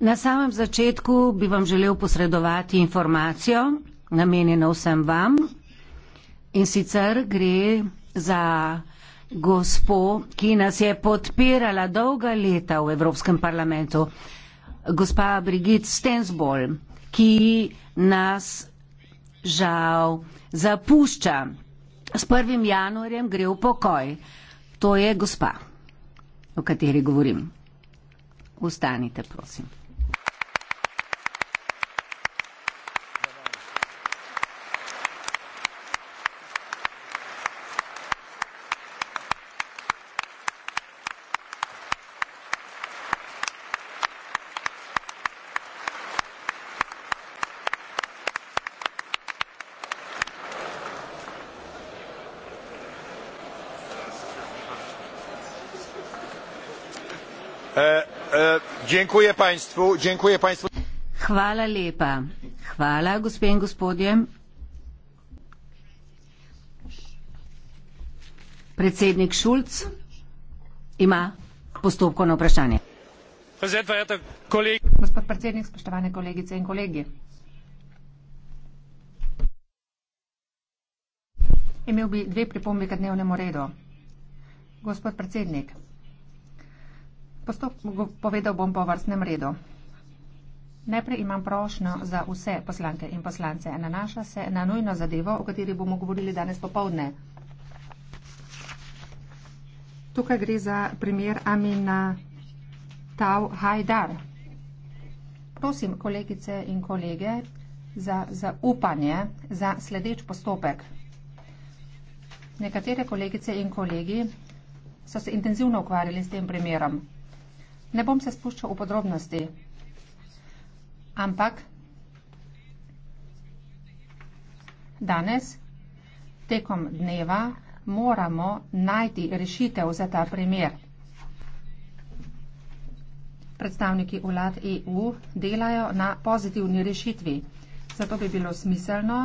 Na samem začetku bi vam želel posredovati informacijo, namenjeno vsem vam. In sicer gre za gospo, ki nas je podpirala dolga leta v Evropskem parlamentu, gospa Brigitte Stensbol, ki nas žal zapušča. S 1. januarjem gre v pokoj. To je gospa, o kateri govorim. Ustanite, prosim. E, e, dziękuję państwu dziękuję państwu Hvala lepa. Hvala, gospe in gospodje. Predsednik Šulc ima postopko na vprašanje. Gospod predsednik, spoštovane kolegice in kolegi. Imel bi dve pripombe k dnevnemu redu. Gospod predsednik, Postop povedal bom po vrstnem redu. Najprej imam prošnjo za vse poslanke in poslance. Nanaša se na nujno zadevo, o kateri bomo govorili danes popovdne. Tukaj gre za primer Amina Tau Hajdar. Prosim kolegice in kolege za zaupanje za sledeč postopek. Nekatere kolegice in kolegi so se intenzivno ukvarjali s tem primerom. Ne bom se spuščal v podrobnosti, ampak danes, tekom dneva, moramo najti rešitev za ta primer. Predstavniki vlad EU delajo na pozitivni rešitvi. Zato bi bilo smiselno,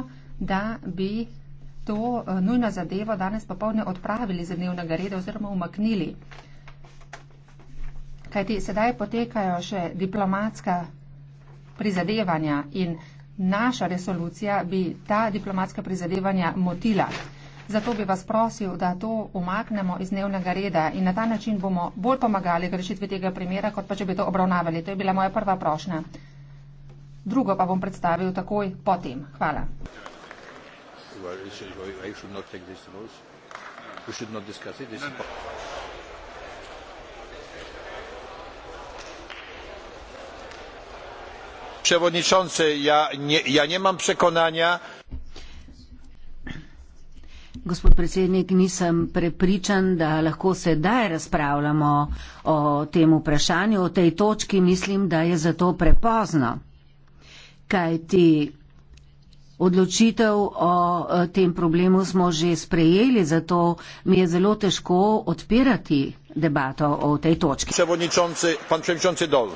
da bi to eh, nujno zadevo danes popolne odpravili z dnevnega reda oziroma umaknili kajti sedaj potekajo še diplomatska prizadevanja in naša resolucija bi ta diplomatska prizadevanja motila. Zato bi vas prosil, da to umaknemo iz dnevnega reda in na ta način bomo bolj pomagali k rešitvi tega primera, kot pa če bi to obravnavali. To je bila moja prva prošnja. Drugo pa bom predstavil takoj potem. Hvala. Well, this is why I should not take this rose. We should not discuss it. This no, no. przewodniczący ja, ja nie mam przekonania Gospod predsednik, nisem prepričan, da lahko sedaj razpravljamo o tem vprašanju, o tej točki mislim, da je zato prepozno. Kaj ti odločitev o eh, tem problemu smo že sprejeli, zato mi je zelo težko odpirati debato o tej točki. Predsednik, pan predsednik Dol.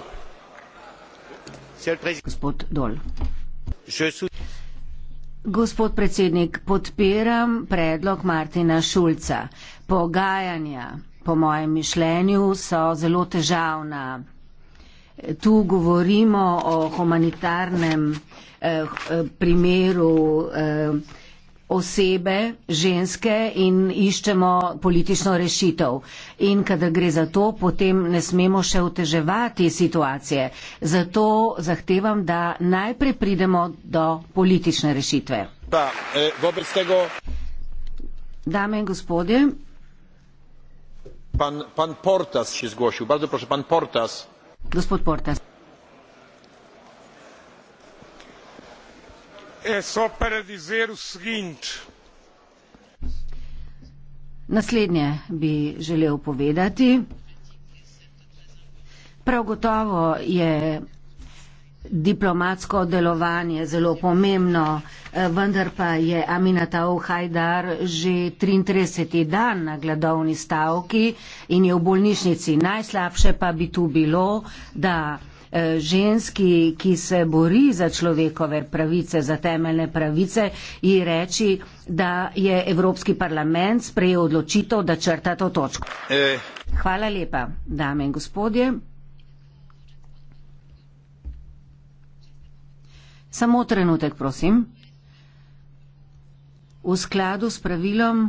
Gospod predsednik, podpiram predlog Martina Šulca. Pogajanja, po mojem mišljenju, so zelo težavna. Tu govorimo o humanitarnem eh, eh primeru. Eh, osebe, ženske in iščemo politično rešitev. In kada gre za to, potem ne smemo še oteževati situacije. Zato zahtevam, da najprej pridemo do politične rešitve. Pa, eh, tego... Dame in gospodje. Pan, pan Portas se je zgošil. Bardzo prosim, pan Portas. Gospod Portas. é só para dizer o seguinte. Naslednje bi želel povedati. Prav gotovo je diplomatsko delovanje zelo pomembno, vendar pa je Aminata Ohajdar že 33. dan na gladovni stavki in je v bolnišnici. Najslabše pa bi tu bilo, da ženski, ki se bori za človekove pravice, za temeljne pravice, ji reči, da je Evropski parlament sprejel odločitev, da črta to točko. E. Hvala lepa, dame in gospodje. Samo trenutek, prosim. V skladu s pravilom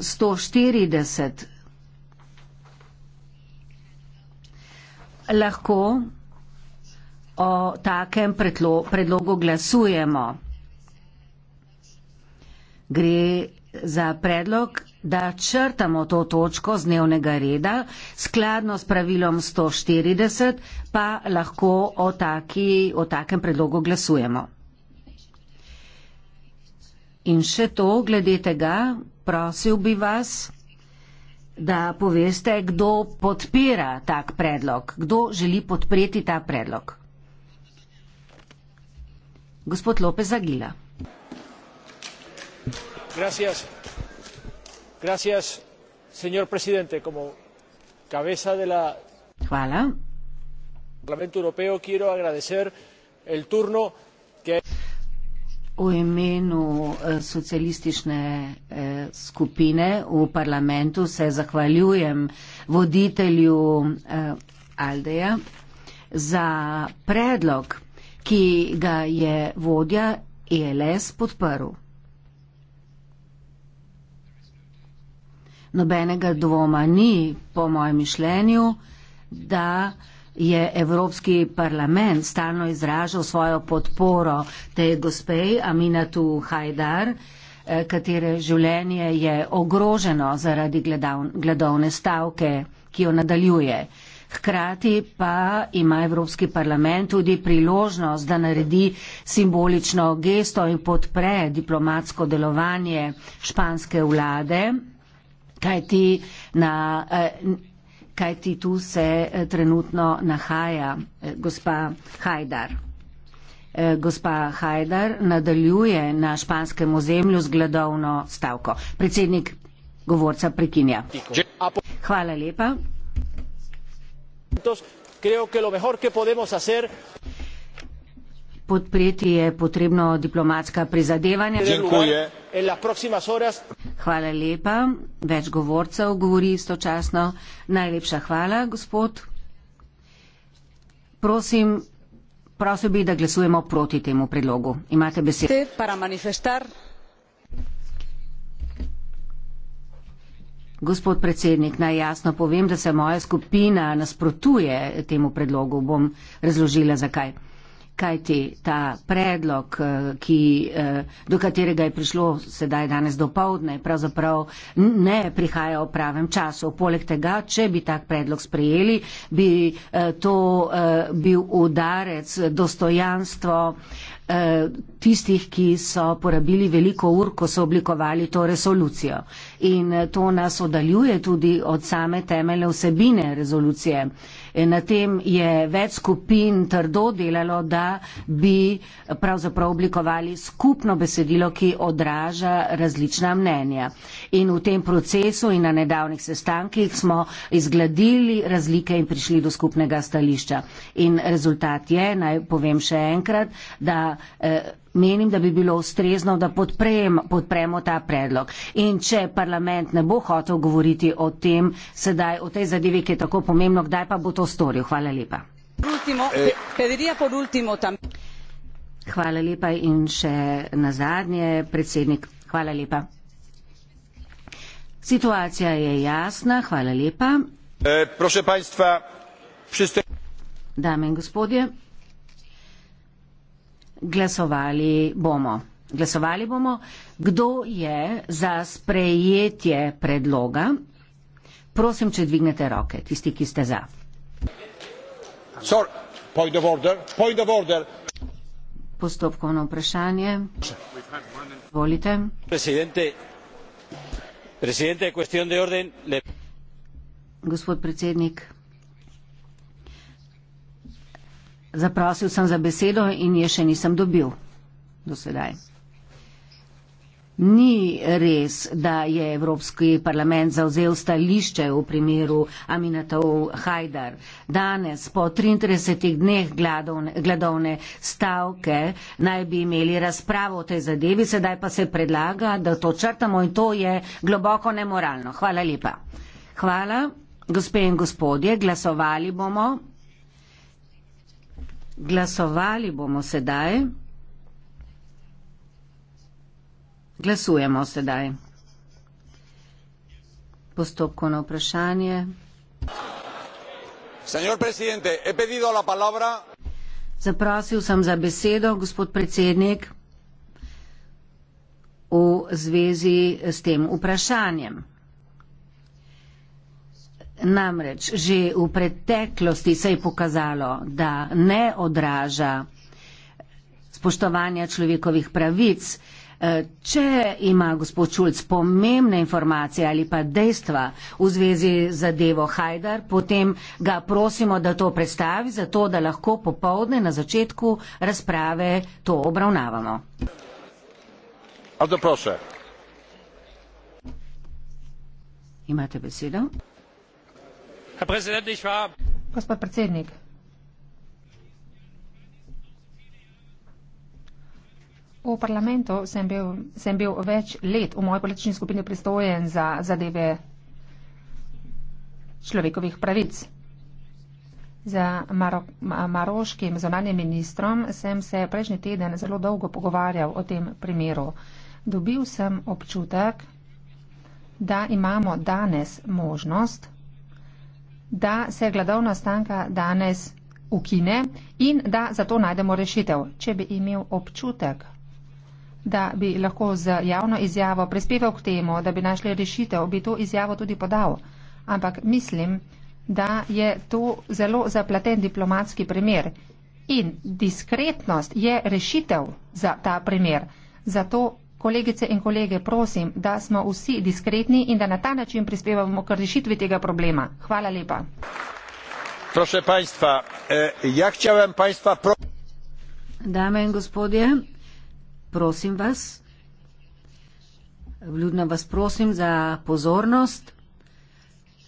140. Eh, lahko o takem predlogu glasujemo. Gre za predlog, da črtamo to točko z dnevnega reda, skladno s pravilom 140 pa lahko o, taki, o takem predlogu glasujemo. In še to, glede tega, prosil bi vas, da poveste, kdo podpira tak predlog, kdo želi podpreti ta predlog. Gospod Lope Zagila. Gracias. Gracias, señor presidente, como cabeza de la Hvala. Parlamento europeo quiero agradecer el turno v imenu eh, socialistične eh, skupine v parlamentu se zahvaljujem voditelju eh, Aldeja za predlog, ki ga je vodja ELS podprl. Nobenega dvoma ni, po mojem mišljenju, da je Evropski parlament stalno izražal svojo podporo tej gospej Aminatu Hajdar, eh, katere življenje je ogroženo zaradi gledovne stavke, ki jo nadaljuje. Hkrati pa ima Evropski parlament tudi priložnost, da naredi simbolično gesto in podpre diplomatsko delovanje španske vlade, kajti na eh, kaj ti tu se eh, trenutno nahaja, eh, gospa Hajdar. Eh, gospa Hajdar nadaljuje na španskem ozemlju z gledovno stavko. Predsednik govorca prekinja. Hvala lepa podpreti je potrebno diplomatska prizadevanja. Hvala lepa. Več govorcev govori istočasno. Najlepša hvala, gospod. Prosim, prosil bi, da glasujemo proti temu predlogu. Imate besedo. Gospod predsednik, naj jasno povem, da se moja skupina nasprotuje temu predlogu. Bom razložila, zakaj kajti ta predlog, eh, ki, eh, do katerega je prišlo sedaj danes do povdne, pravzaprav ne prihaja v pravem času. Poleg tega, če bi tak predlog sprejeli, bi eh, to bil udarec dostojanstvo Eh, tistih, ki so porabili veliko ur, ko so oblikovali to resolucijo. In eh, to nas oddaljuje tudi od same temele vsebine rezolucije. Eh, na tem je več skupin trdo delalo, da bi pravzaprav oblikovali skupno besedilo, ki odraža različna mnenja. In v tem procesu in na nedavnih sestankih smo izgledili razlike in prišli do skupnega stališča. In rezultat je, naj povem še enkrat, da Eh, menim, da bi bilo ustrezno, da podprem, podpremo ta predlog. In če parlament ne bo hotel govoriti o tem, sedaj o tej zadevi, ki je tako pomembno, kdaj pa bo to storil. Hvala lepa. Ultimo, eh. hvala lepa in še nazadnje, predsednik. Hvala lepa. Situacija je jasna. Hvala lepa. E, Dame in gospodje glasovali bomo. Glasovali bomo, kdo je za sprejetje predloga. Prosim, če dvignete roke, tisti, ki ste za. Sorry. Point of order. Point of order. Postopkovno vprašanje. Volite. Presidente. Presidente, question de orden. Le... Gospod predsednik. Zaprosil sem za besedo in je še nisem dobil do sedaj. Ni res, da je Evropski parlament zauzel stališče v primeru Aminatov Hajdar. Danes, po 33 dneh gladovne stavke, naj bi imeli razpravo o tej zadevi, sedaj pa se predlaga, da to črtamo in to je globoko nemoralno. Hvala lepa. Hvala, gospe in gospodje, glasovali bomo. Glasovali bomo sedaj. Glasujemo sedaj. Postopko na vprašanje. Zaprosil sem za besedo, gospod predsednik, v zvezi s tem vprašanjem. Namreč že v preteklosti se je pokazalo, da ne odraža spoštovanja človekovih pravic. Eh, če ima gospod Čulc pomembne informacije ali pa dejstva v zvezi z zadevo Hajdar, potem ga prosimo, da to predstavi, zato da lahko popovdne na začetku razprave to obravnavamo. Imate besedo? gospod predsednik v parlamentu sem bil, sem bil več let v moji politični skupini pristojen za zadeve človekovih pravic. Za Maro, maroškim zonanjem ministrom sem se prejšnji teden zelo dolgo pogovarjal o tem primeru. Dobil sem občutek, da imamo danes možnost da se gladovna stanka danes ukine in da za to najdemo rešitev. Če bi imel občutek, da bi lahko z javno izjavo prispeval k temu, da bi našli rešitev, bi to izjavo tudi podal. Ampak mislim, da je to zelo zapleten diplomatski primer in diskretnost je rešitev za ta primer. Zato Kolegice in kolege, prosim, da smo vsi diskretni in da na ta način prispevamo k rešitvi tega problema. Hvala lepa. Proszę państwa, e, ja chciałem państwa pro... Dame in gospodje, prosim vas, vljudno vas prosim za pozornost.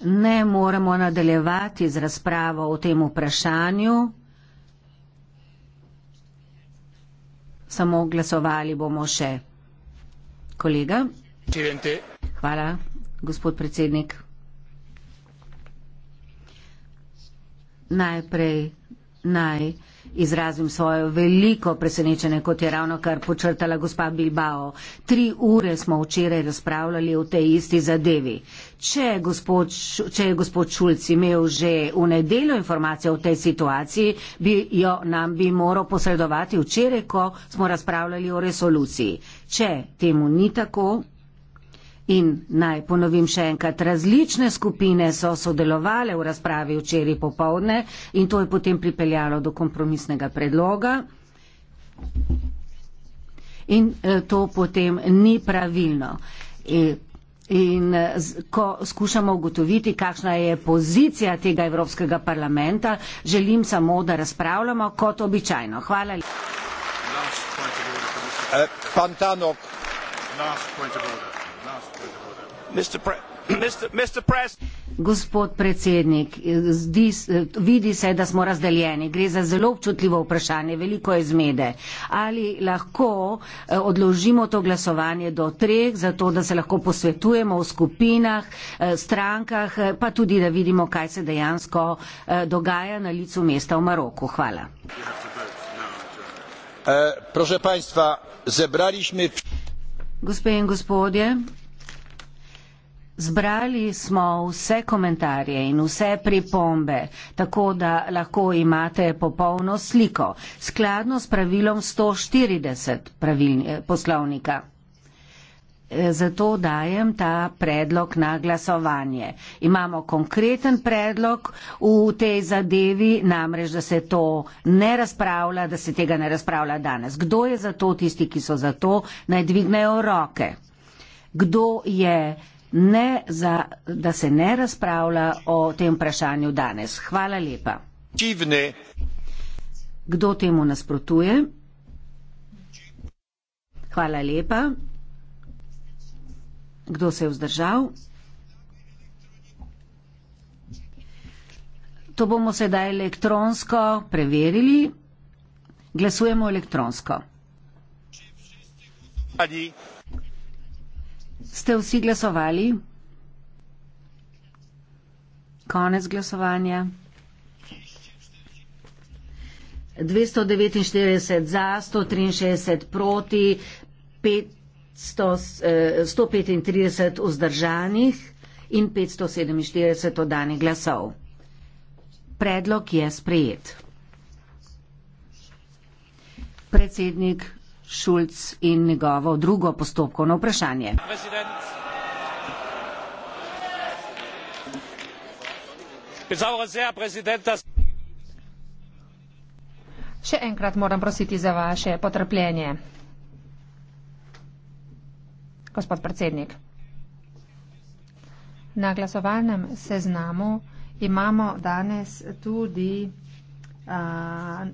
Ne moremo nadaljevati z razpravo o tem vprašanju. Samo glasovali bomo še kolega. Hvala, gospod predsednik. Najprej naj izrazim svoje veliko presenečenje, kot je ravno kar počrtala gospa Bilbao. Tri ure smo včeraj razpravljali o tej isti zadevi. Če, gospod, če je gospod Šulc imel že v nedeljo informacije o tej situaciji, bi jo nam bi moral posredovati včeraj, ko smo razpravljali o resoluciji. Če temu ni tako, In naj ponovim še enkrat, različne skupine so sodelovale v razpravi včeraj popovdne in to je potem pripeljalo do kompromisnega predloga. In eh, to potem ni pravilno. E, in ko skušamo ugotoviti, kakšna je pozicija tega Evropskega parlamenta, želim samo, da razpravljamo kot običajno. Hvala lepa. Eh, Pantanok. Gospod predsednik, zdi, vidi se, da smo razdeljeni. Gre za zelo občutljivo vprašanje, veliko je zmede. Ali lahko eh, odložimo to glasovanje do treh, zato da se lahko posvetujemo v skupinah, eh, strankah, eh, pa tudi da vidimo, kaj se dejansko dogaja na licu mesta v Maroku. Hvala. Gospe in gospodje, Zbrali smo vse komentarje in vse pripombe, tako da lahko imate popolno sliko, skladno s pravilom 140 pravilni, eh, poslovnika. Eh, zato dajem ta predlog na glasovanje. Imamo konkreten predlog v tej zadevi, namreč, da se to ne razpravlja, da se tega ne razpravlja danes. Kdo je za to, tisti, ki so za to, naj dvignejo roke. Kdo je ne za, da se ne razpravlja o tem vprašanju danes. Hvala lepa. Čivne. Kdo temu nasprotuje? Hvala lepa. Kdo se je vzdržal? To bomo sedaj elektronsko preverili. Glasujemo elektronsko. Ali. Ste vsi glasovali? Konec glasovanja. 249 za, 163 proti, 500, 135 eh, vzdržanih in 547 odanih glasov. Predlog je sprejet. Predsednik Šulc in njegovo drugo postopkovno vprašanje. Še enkrat moram prositi za vaše potrpljenje. Gospod predsednik, na glasovalnem seznamu imamo danes tudi uh,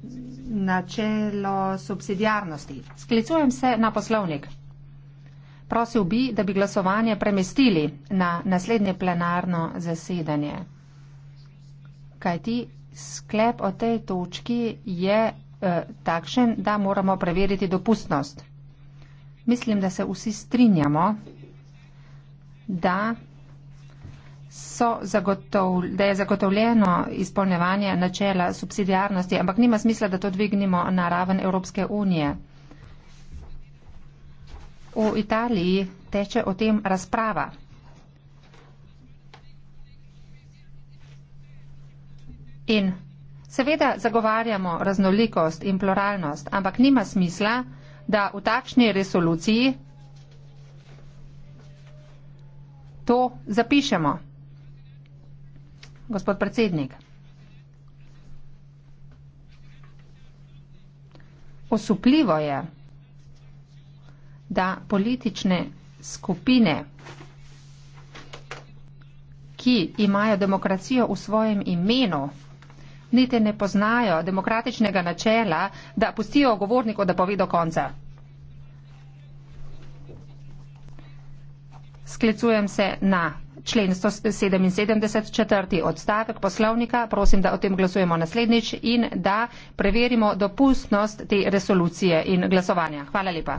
načelo subsidijarnosti. Sklicujem se na poslovnik. Prosil bi, da bi glasovanje premestili na naslednje plenarno zasedanje. Kaj ti sklep o tej točki je eh, takšen, da moramo preveriti dopustnost? Mislim, da se vsi strinjamo, da da je zagotovljeno izpolnevanje načela subsidijarnosti, ampak nima smisla, da to dvignimo na raven Evropske unije. V Italiji teče o tem razprava. In seveda zagovarjamo raznolikost in pluralnost, ampak nima smisla, da v takšni resoluciji to zapišemo gospod predsednik. Osupljivo je, da politične skupine, ki imajo demokracijo v svojem imenu, niti ne poznajo demokratičnega načela, da pustijo govorniku, da pove do konca. Sklicujem se na člen 177 četrti odstavek poslovnika. Prosim, da o tem glasujemo naslednjič in da preverimo dopustnost te resolucije in glasovanja. Hvala lepa.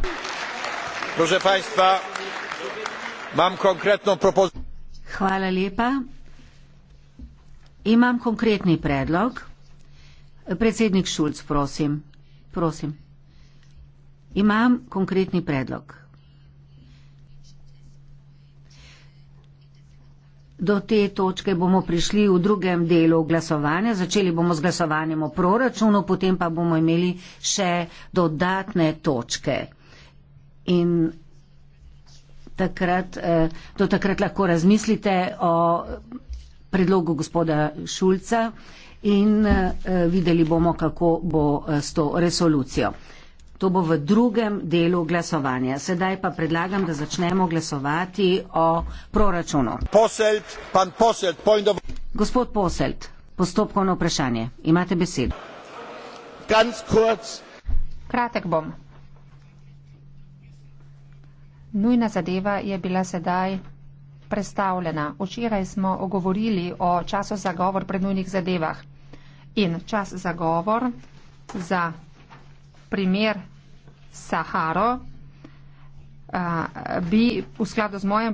Państwa, mam Hvala lepa. Imam konkretni predlog. Predsednik Šulc, prosim. prosim. Imam konkretni predlog. Do te točke bomo prišli v drugem delu glasovanja. Začeli bomo z glasovanjem o proračunu, potem pa bomo imeli še dodatne točke. In takrat, eh, do takrat lahko razmislite o predlogu gospoda Šulca in eh, videli bomo, kako bo eh, s to resolucijo. To bo v drugem delu glasovanja. Sedaj pa predlagam, da začnemo glasovati o proračunu. Poselt, pan Poselt, point of... Gospod Poselt, postopkovno vprašanje. Imate besedo. Kratek bom. Nujna zadeva je bila sedaj predstavljena. Včeraj smo ogovorili o času za govor pred nujnih zadevah. In čas za govor za primer Saharo, bi v skladu z mojim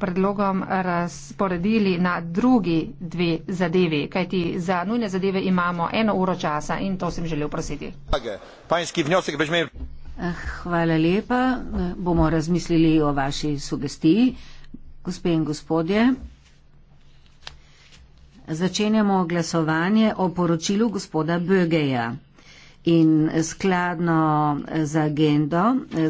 predlogom razporedili na drugi dve zadevi, kajti za nujne zadeve imamo eno uro časa in to sem želel prositi. Eh, hvala lepa, eh, bomo razmislili o vaši sugestiji. Gospe in gospodje, začenjamo glasovanje o poročilu gospoda Bögeja in skladno z agendo,